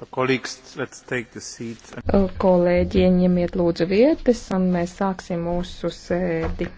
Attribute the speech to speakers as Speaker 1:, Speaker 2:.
Speaker 1: So,
Speaker 2: Kolēģi, ieņemiet lūdzu vietas, un mēs sāksim mūsu sēdi.